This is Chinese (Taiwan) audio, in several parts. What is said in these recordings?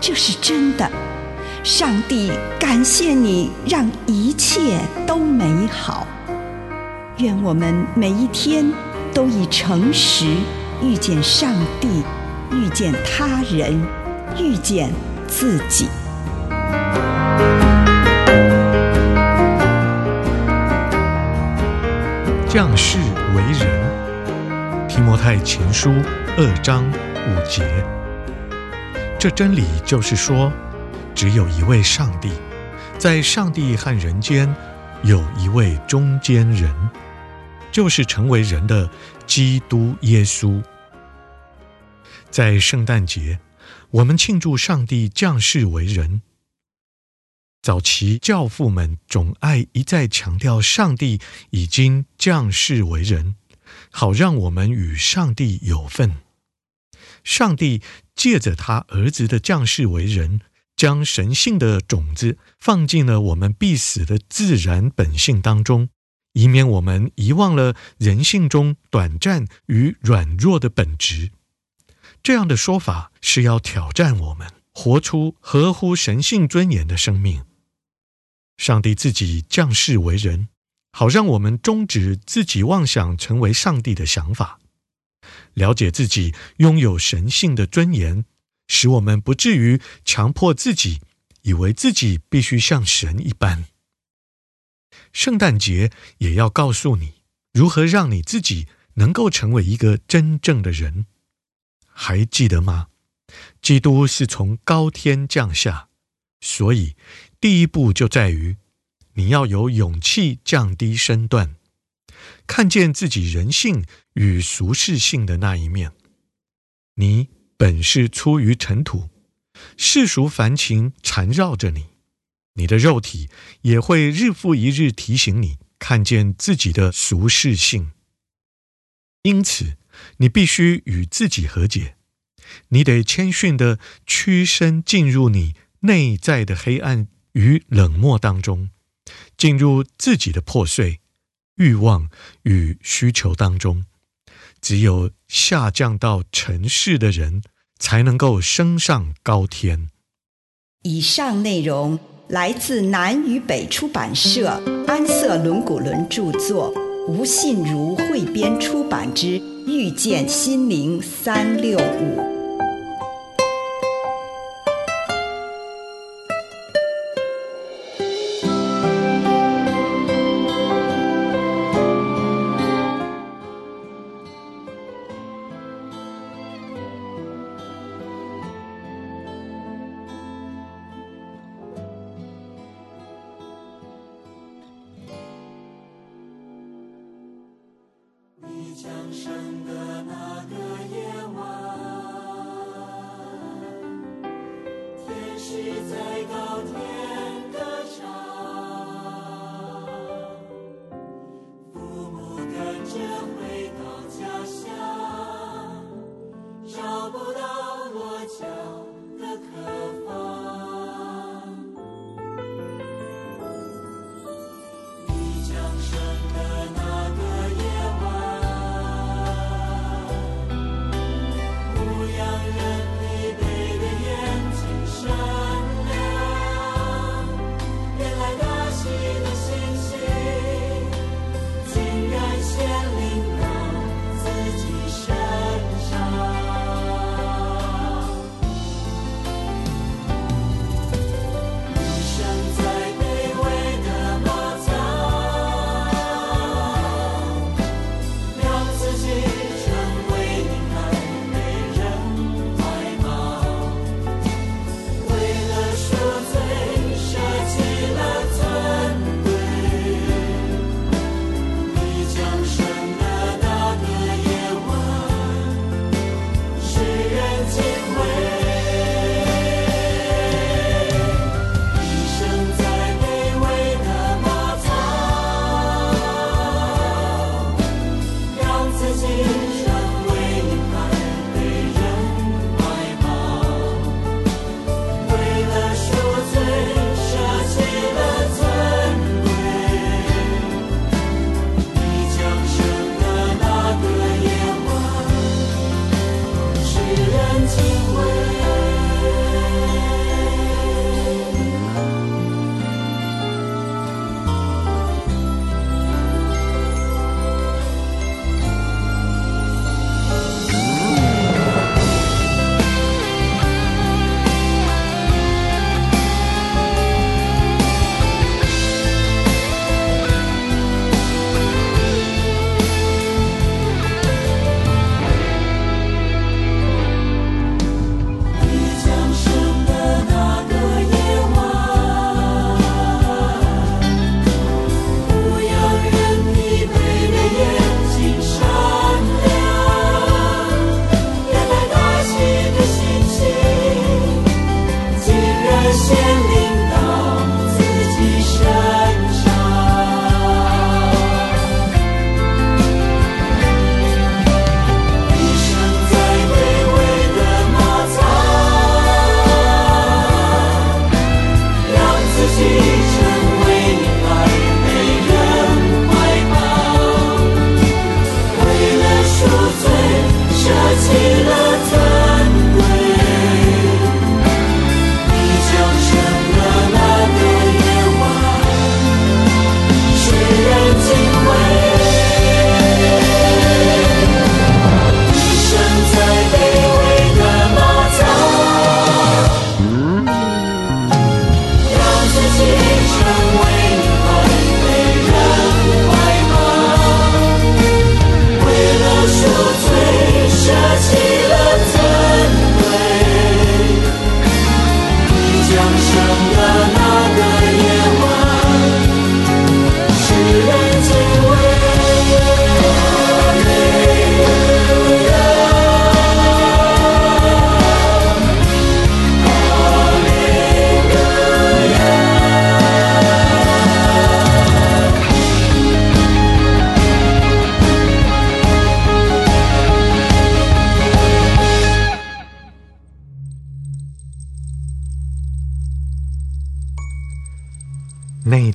這是真的，上帝感謝你讓一切都美好。願我們每一天都以誠實遇見上帝，遇見他人，遇見自己。降世為人，提摩太前書二章五節。這真理就是說，只有一位上帝，在上帝和人間有一位中間人，就是成為人的基督耶穌。在聖誕節，我們慶祝上帝降世為人。早期教父們總愛一再強調，上帝已經降世為人，好讓我們與上帝有份。上帝借着他兒子的降世為人，將神性的種子放進了我們必死的自然本性當中，以免我們遺忘了人性中短暫與軟弱的本質。這樣的說法是要挑戰我們活出合乎神性尊嚴的生命。上帝自己降世為人，好讓我們終止自己妄想成為上帝的想法。了解自己擁有神性的尊嚴，使我們不至於強迫自己，以為自己必須像神一般。聖誕節也要告訴你如何讓你自己能夠成為一個真正的人，還記得嗎？基督是從高天降下，所以第一步就在於你要有勇氣降低身段，看見自己人性。與俗世性的那一面，你本是出於塵土，世俗凡情纏繞着你，你的肉體也會日復一日提醒你看見自己的俗世性。因此，你必須與自己和解，你得謙遜地屈身進入你內在的黑暗與冷漠當中，進入自己的破碎、慾望與需求當中。只有下降到塵世的人，才能夠升上高天。以上內容來自南與北出版社安瑟倫古倫著作，吳信如彙編出版之《遇見心靈三六五》。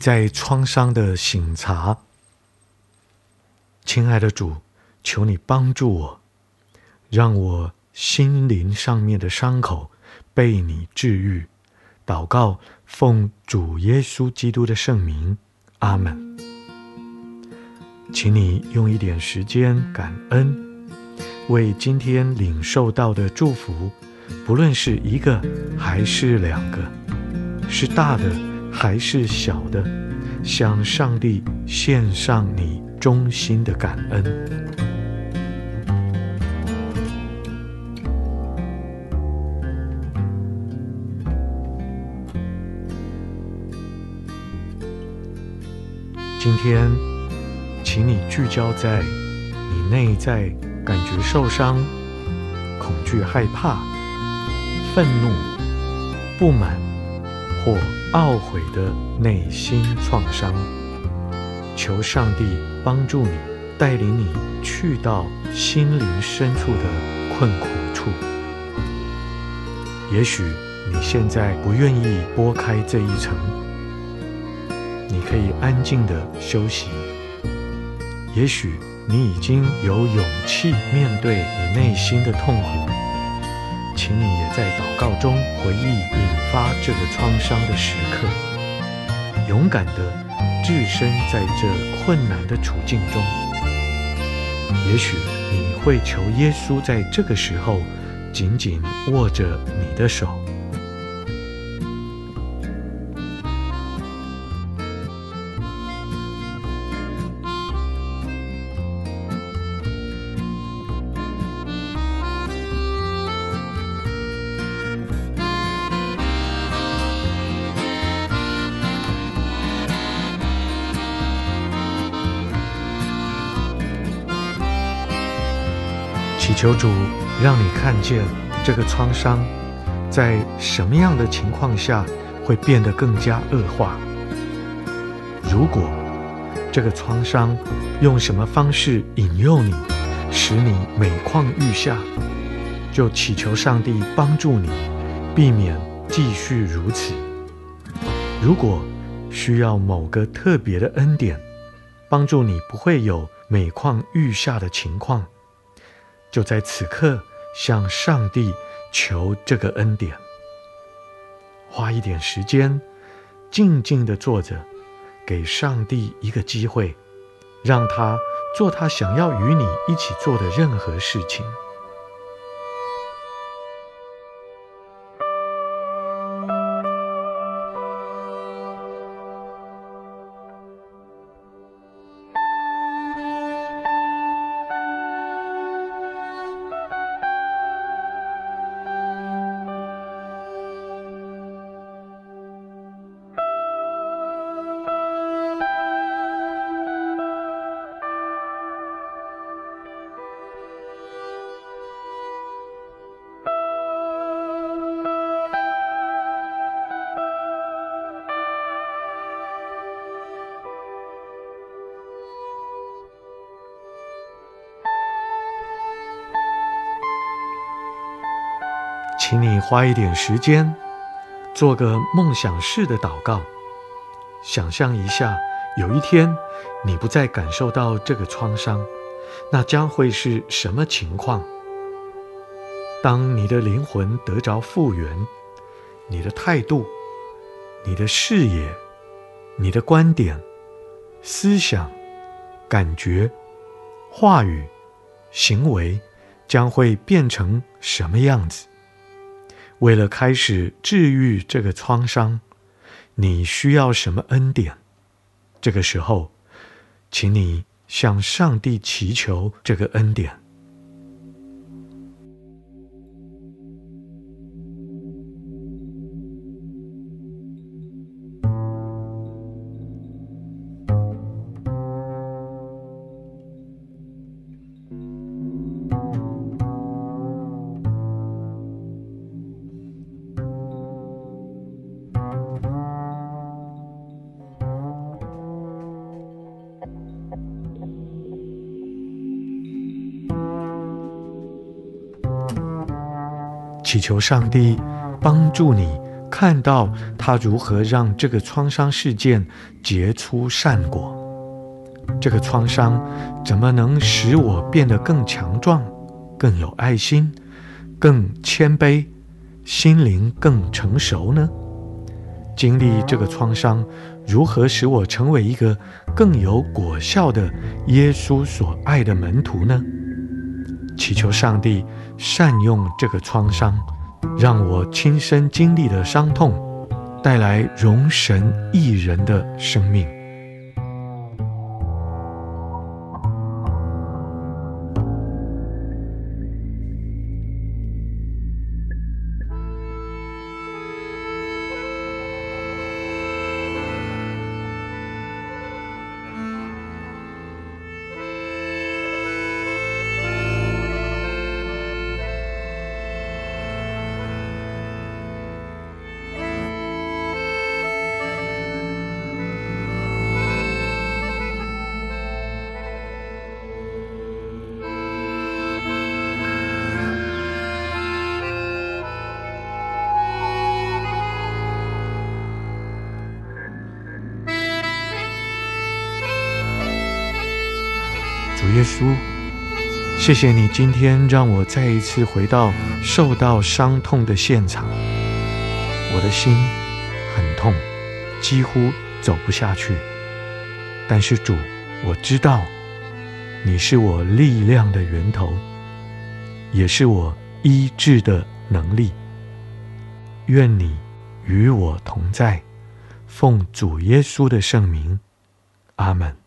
在創傷的省察，親愛的主，求你幫助我，讓我心靈上面的傷口被你治癒。禱告，奉主耶穌基督的聖名，阿門。請你用一點時間感恩，為今天領受到的祝福，不論是一個還是兩個，是大的。還是小的，向上帝獻上你衷心的感恩。今天，請你聚焦在你內在感覺受傷、恐懼、害怕、憤怒、不滿。或懊悔的內心創傷，求上帝幫助你，帶領你去到心靈深處的困苦處。也許你現在不願意撥開這一層，你可以安靜地休息。也許你已經有勇氣面對你內心的痛苦。請你也在禱告中回憶引發這個創傷的時刻，勇敢地置身在這困難的處境中。也許你會求耶穌在這個時候緊緊握着你的手。祈求主讓你看見這個創傷在什麼樣的情況下會變得更加惡化。如果這個創傷用什麼方式引誘你，使你每況愈下，就祈求上帝幫助你，避免繼續如此。如果需要某個特別的恩典幫助你，不會有每況愈下的情況。就在此刻，向上帝求這個恩典。花一點時間，靜靜的坐着，給上帝一個機會，讓他做他想要與你一起做的任何事情。花一點時間，做個夢想式的禱告，想象一下，有一天你不再感受到這個創傷，那將會是什麼情況？當你的靈魂得着復原，你的態度、你的視野、你的觀點、思想、感覺、話語、行為，將會變成什麼樣子？為了開始治癒這個創傷，你需要什麼恩典？這個時候，請你向上帝祈求這個恩典。祈求上帝幫助你看到他如何讓這個創傷事件結出善果。這個創傷怎麼能使我變得更強壯、更有愛心、更謙卑、心靈更成熟呢？經歷這個創傷如何使我成為一個更有果效的耶穌所愛的門徒呢？祈求上帝。善用這個創傷，讓我親身經歷的傷痛，帶來榮神益人的生命。耶穌，謝謝你今天讓我再一次回到受到傷痛的現場。我的心很痛，幾乎走不下去。但是主，我知道你是我力量的源頭，也是我醫治的能力。願你與我同在，奉主耶穌的聖名。阿門。